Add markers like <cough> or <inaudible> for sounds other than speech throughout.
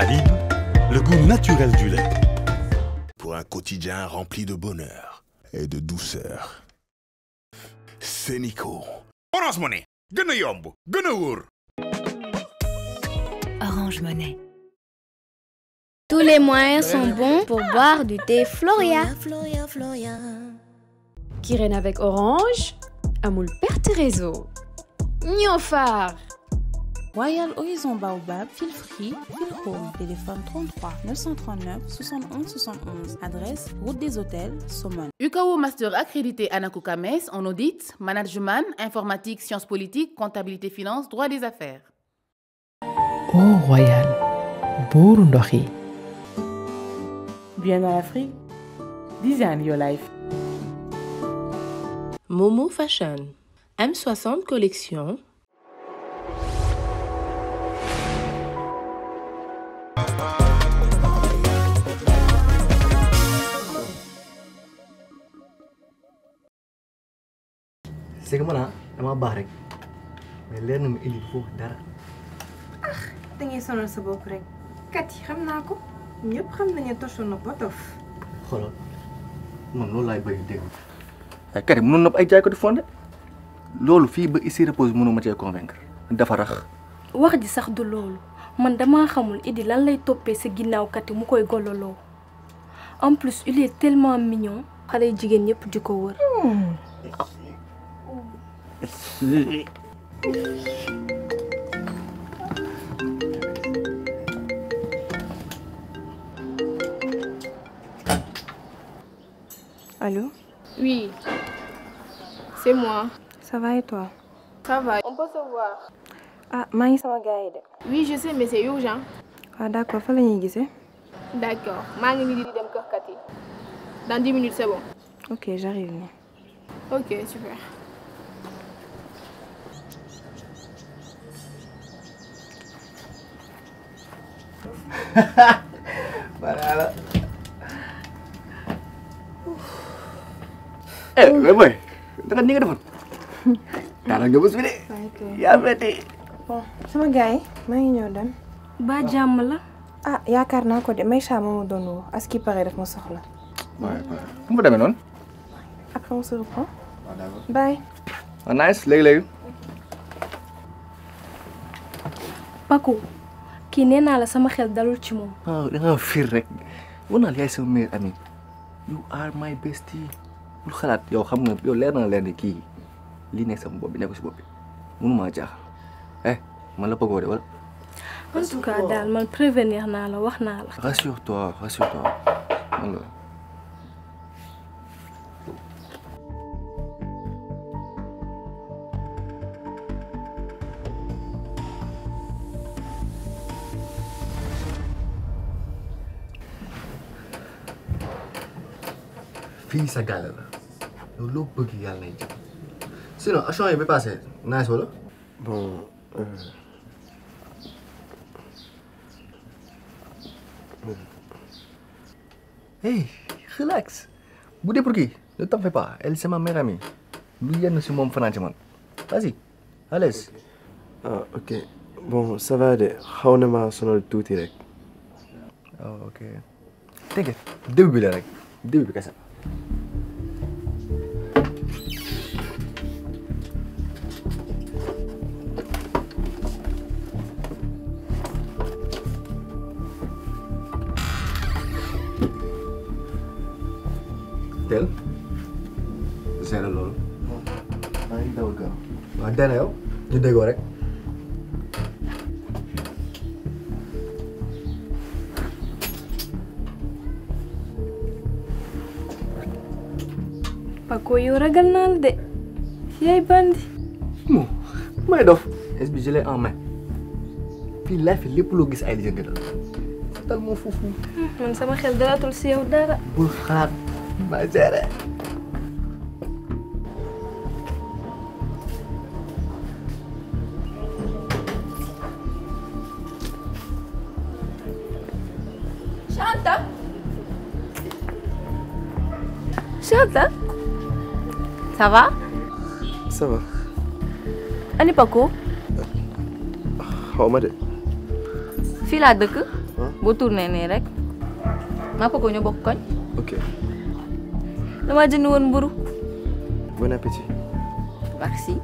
Alib, le goût naturel du lait. Pour un quotidien rempli de bonheur et de douceur. C'est Nico. Orange Money. Orange Monnaie. Tous les moyens sont bons pour boire du thé Floria. Qui Floria, avec Orange, Amoul Père Terezo. Royal Horizon Baobab, fil free, home. Téléphone 33 939 71 71. Adresse Route des Hôtels, Saumon. UKO Master accrédité à Kames en audit, management, informatique, sciences politiques, comptabilité finance, droit des affaires. Oh Royal, Bien en Afrique, design your life. Momo Fashion, M60 Collection segmana é uma barrek melena ili fo dara ah dangay sonal sa bopp rek kat yi xam naa ko ñëpp xam nañu tosu na ba dof xoolal man loolu laay bayu dégg ay karim mënoon ay jaay ko di fondé loolu fii ba ici repose mënu ma cee convaincre dafa rax wax di sax du loolu man dama xamul idi lan lay toppee sa ginnaaw kat mu koy gololoo en plus il est tellement mignon xale jigéen ñëpp di ko wër hmm. <laughs> Allô Oui. C'est moi. Ça va et toi Ça va. On peut se voir. Ah, Maï, ça m'a guide. Oui, je sais, mais c'est urgent. Ah, d'accord. Fallait le guiser. D'accord. Maï, il dit de Dans 10 minutes, c'est bon. Ok, j'arrive. Ok, super. <laughs> Parah Eh, gue uh. boy. Tekan kan? ke depan. Karang <laughs> gabus bini. Eh. Ya berarti. Oh, sama gay, mai ñoo ba jàmm la. ah ya karena aku de Maïcha moomu doon woo as pare daf ma soxla. waaw waaw fu mu après on se reprend. bye. Oh, nice léegi léegi. Paco. kii nee naa la sama xel dalul ci moom. ah da ngaa fiir rek war naa la yaay sama meilleure you are my bestie bul xalaat yow xam nga yow leer na leer ne kii lii nekk sama bopp bi nekk si bopp bi mënumaa jaaxal eh man la bëggoo de wala. en daal man prévenir naa la wax naa la. rassure toi rassure toi man la. fii sa gàll la loolu loo bëgg yàlla nay jëm euh, hey relax bu dee pour kii ne t'en fais pas elle c'est ma meilleure amie si moom fanaan man vas-y à ah, bon ça va de xaw na ma sonal tuuti rek ah ok dégg nga début bi la rek début bi kese udah goreng باكوي ورجلنا لدي ياي باندي مو ما يدوف اس بي جيلي امي في لا في اللي بلو جس عيل جنجل تلمو فوفو من سما خير دلاتو لسيا ودارا بول خاب ما زارا Ça va Ça va. Ani Paco Xaw ma de. fii laa dëkk. boo tourné rek. maa Paco ñoo bokk koñ. ok. dama jënd woon mburu. bon appétit. merci.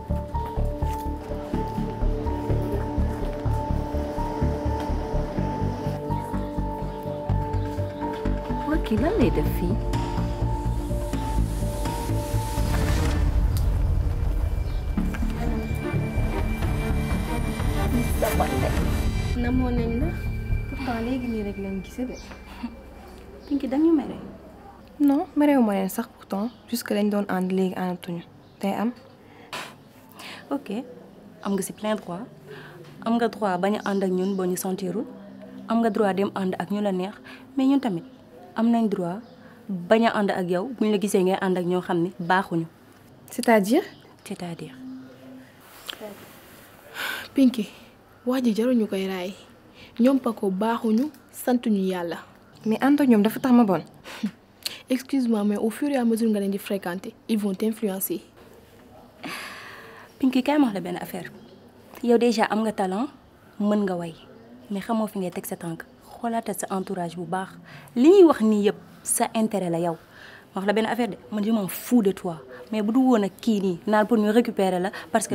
kii lan amoon nañ la pourtant léegi nii rek lañ gise de Pinky dañu mere non merewuma leen sax pourtant puisque dañ doon ànd léegi àndatuñu day am ok am nga si plein droit am nga droit bañ a ànd ak ñun boo ñu sentirul am nga droit dem ànd ak ñu la neex mais ñun tamit am nañ droit bañ a ànd ak yow buñ la gisee ngay ànd ak ñoo xam ne c'est à dire c'est à dire Pinky wax ji jaruñu koy raay ñoom mais ma bon. <laughs> excuse-moi mais au fur et à mesure nga leen di fréquenter ils vont t'influencer. Pinky tu ma la affaire yow déjà am nga talent mën nga way mais xamoo sa tànk entourage bu baax li wax intérêt la affaire de je m'en de toi mais bu du pour récupérer la parce que.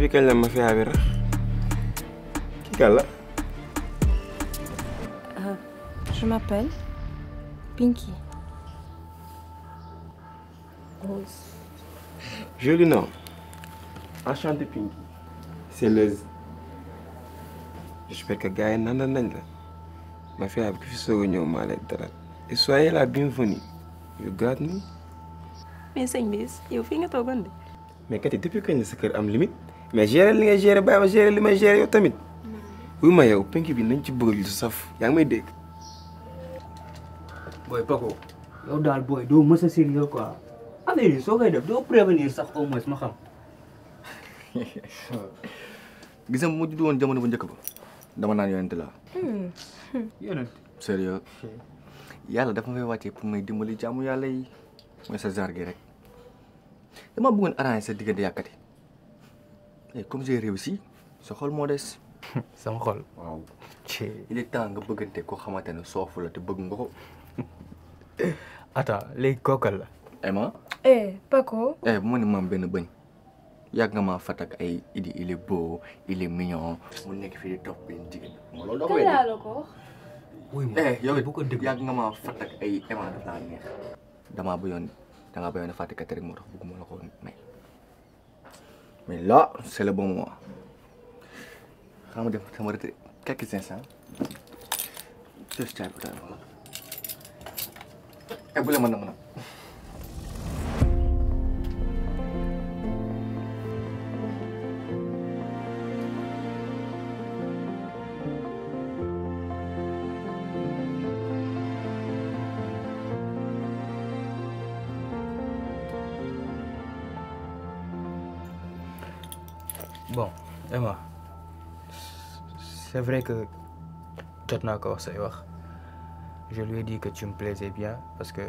Euh, je m'appelle Pinky. Rose. Joli Enchanté Pinky. C'est le... J'espère que Gaïa Nanda Ma fille a je Et soyez la bienvenue. You got me? Mais c'est une bise. Il que tu Mais depuis quand ce limite? mais gérer li ngay gérer bàyyi ma gérer li may gérer yow tamit mm. wuy ma yow penk bi nañ ci bëgg lu yaa ngi may dégg. booy Paco yow daal booy doo mës a sérieux quoi affaire yi soo koy def doo prévenir sax au moins ma xam. <laughs> gis mu judd woon jamono bu njëkk ba dama naan yonent laa. Hmm. <laughs> yonent. sérieux yàlla dafa may wàccee pour may dimbali jaamu yàlla yi mooy sa genre gi rek dama bëggoon arranger sa diggante yàkkati Eh, comme j'ai réussi sa xol moo sama xol waaw. il est temps nga bëggante koo xamante ne soofu la te bëgg nga ko. <laughs> attends léegi kookal la. Emma. eh Paco. eh bu ma ne maam benn bëñ yàgg nga maa fatak ay idi il est beau il est mignon mu nekk fii di topp benn jigéen. loolu kan la ko wéy la ko. wuy ma eh, yow it bu ko déglu yàgg nga maa fatak ay Emma dafa laa neex. damaa bëggoon da ngaa bëggoon a fàtte kat rek moo tax bëgguma la ko may. Mais là, c'est le bon moment. Quelques instants. Just type it out. Et vous le bon Emma c'est vrai que tu naa ko wax je lui ai dit que tu me plaisais bien parce que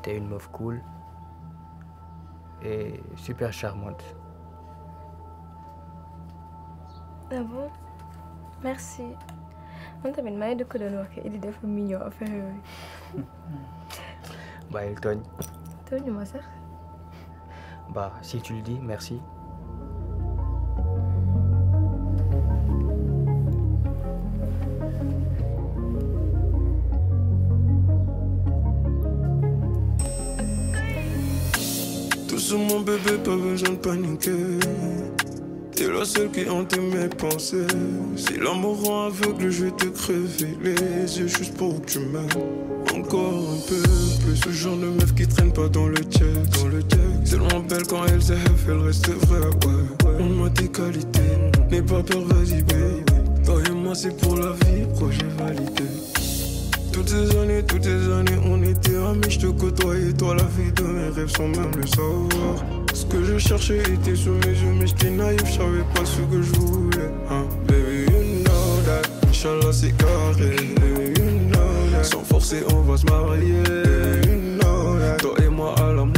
t'es une meuf cool et super charmante. Ah bon merci t'a une maa de de doon et que est dafa mignon affaire yooyu. dit, tooñ. tooñu ma sœur. bah si tu le dis merci. bébé, pas besoin de paniquer. T'es la seule qui hante mes pensées. Si l'amour rend aveugle, je vais te crever les yeux juste pour que tu m'aimes. Encore un peu plus. Ce genre de meuf qui traîne pas dans le check. Dans le check. Tellement belle quand elle s'est elle reste vraie, ouais. On moi tes qualités. N'aie pas peur, vas-y, baby. Toi et moi, c'est pour la vie, projet validé. Toutes ces années, toutes ces années, on était amis, je te côtoyais. Toi, la vie de mes rêves, sans même le savoir. Ce que je cherchais était sous mes yeux, mais j'étais naïf, j'avais pas ce que je voulais. Hein. Baby, you know that. Inch'Allah, c'est carré. Baby, you know that. Sans forcer, on va se marier. Baby, you know that. Toi et moi à l'amour.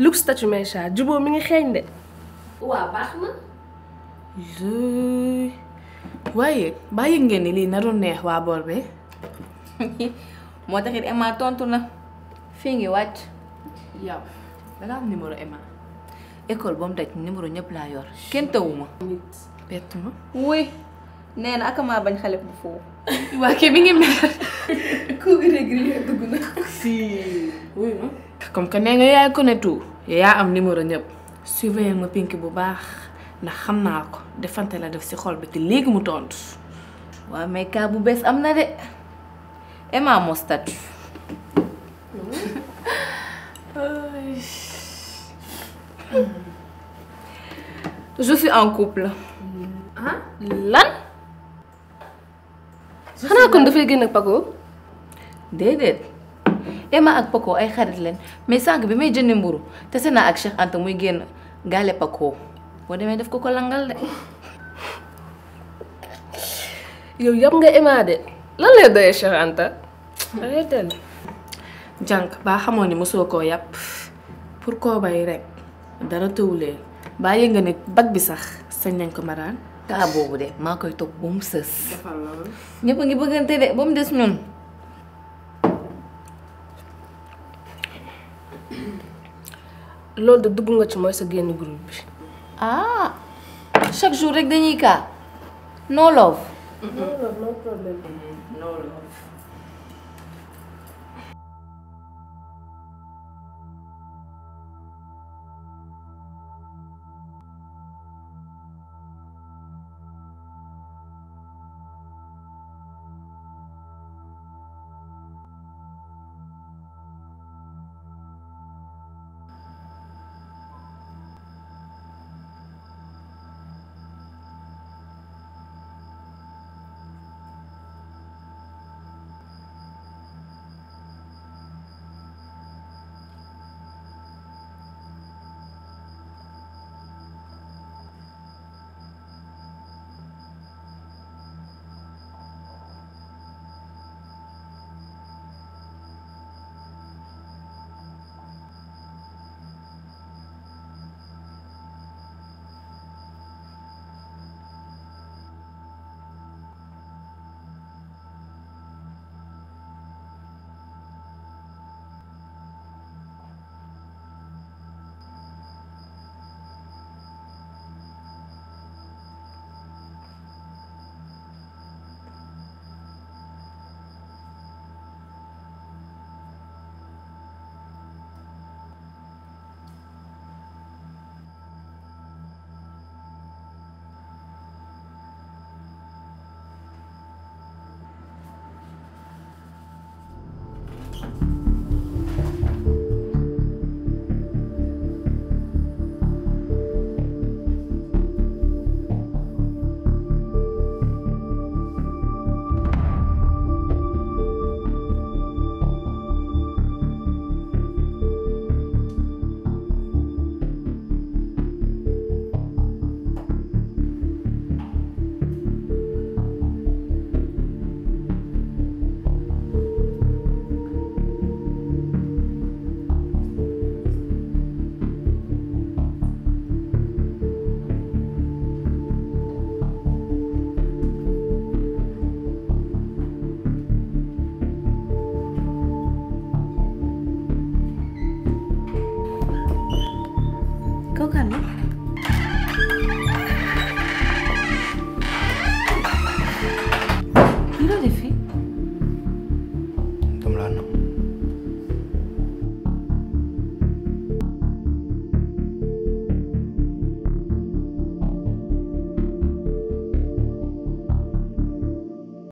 Luxe statut Mecha jubóo mi ngi xeeñ de. waaw baax na. ngeen ni lii naru neex waa boor bi <laughs> moo taxit Emma tontu na fii ngi wàcc. yow dangaa Emma école ba daj numéro ñëpp laa yor kenn tawuma. nit wuy nee na bañ xale bu foofu. <laughs> waa kii mi ngi mel. <laughs> ku irrégulier dugg na. si wuy comme que nee nga yaay connaît tout yaa am numéro ñëpp surveiller ma pink bu baax ndax xam naa ko defante la def ci xol bi te léegi mu tontu. mais cas bu bees am na de Emma mo statut. je suis en couple. ah lan. xanaa kon dafay génn ak Paco. déedéet. ema ak pako ay xarit leen mais sànq bi may jëndi mburu tase naa ak Cheikh Anta muy génn gaale pako boo demee def ko ko langal de yow yam nga ema de lan lay doyee Cheikh Anta arrêtel jànq baa xamoon ni mosoo koo yàpp pour koo bay rek dara tëwulee bàyyi nga ne bag bi sax sañ nañ ko maraan kaa boobu de maa koy toog ba mu sës ñëpp a ngi bëggante de ba mu des ñun loolu de dugg nga ci mooy sa génn groupe bi. ah chaque jour rek dañuy kaa no love. no love no problem. no love. 我感觉。